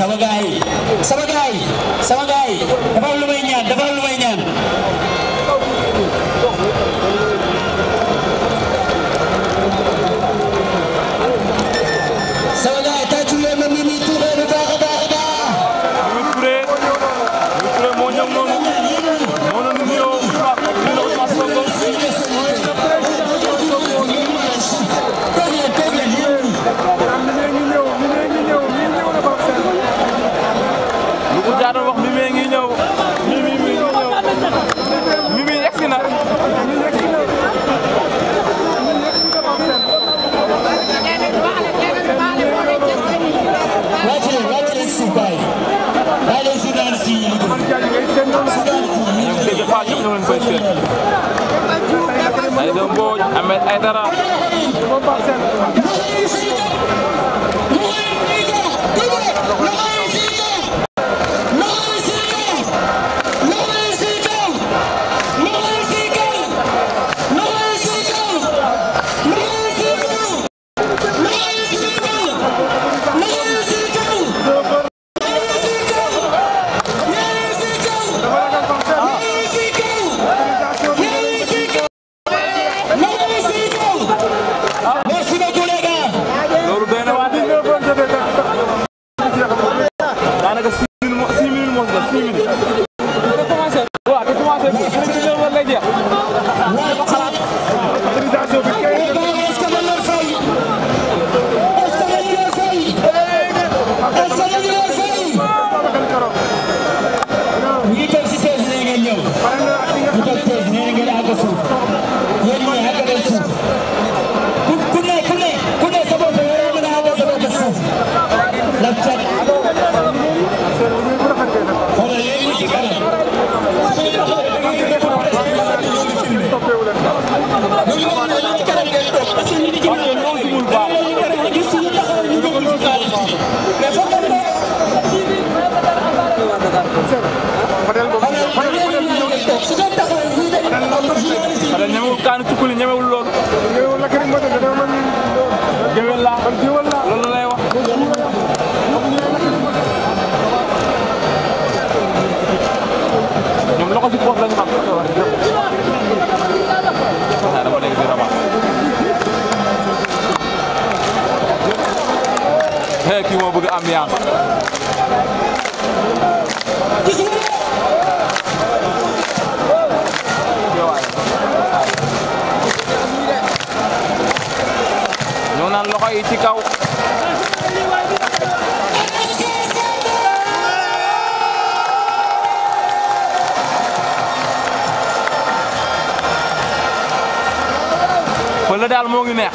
sama gaay sama gaay sama gaay laa doon wax mi mi ngi ñëw mi mi mi ngi ñëw mi mi yegsi na Aïda Mbodj Ahmed Aïdara toog si seize nee ngeen ñëw ñu toog seize nee ngeen ku ku ne ku ne ne sa bopp war a mën a àgg sa bopp suuf la cat xoolal yéen ñi ci hotel boobu hotel hotel bi ñëw nañ ko. hotel la autorité. hotel ñemewul Kaanu Tukulli ñemewul loolu. ñemewul lakk nañ ko de dama mën. géwél laa man géwél laa loolu lay wax. ñoom loxo ci bopp lañ xam. kii moo bëgg ambiance wala daal moo ngi neex.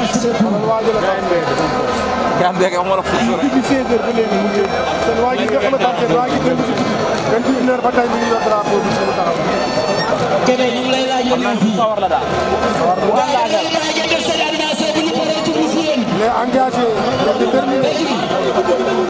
merci beaucoup. Gambie ak Omar Fouta rek. depuis 16 heures ba léegi mu ngi seen waa ji nga xamante ne waa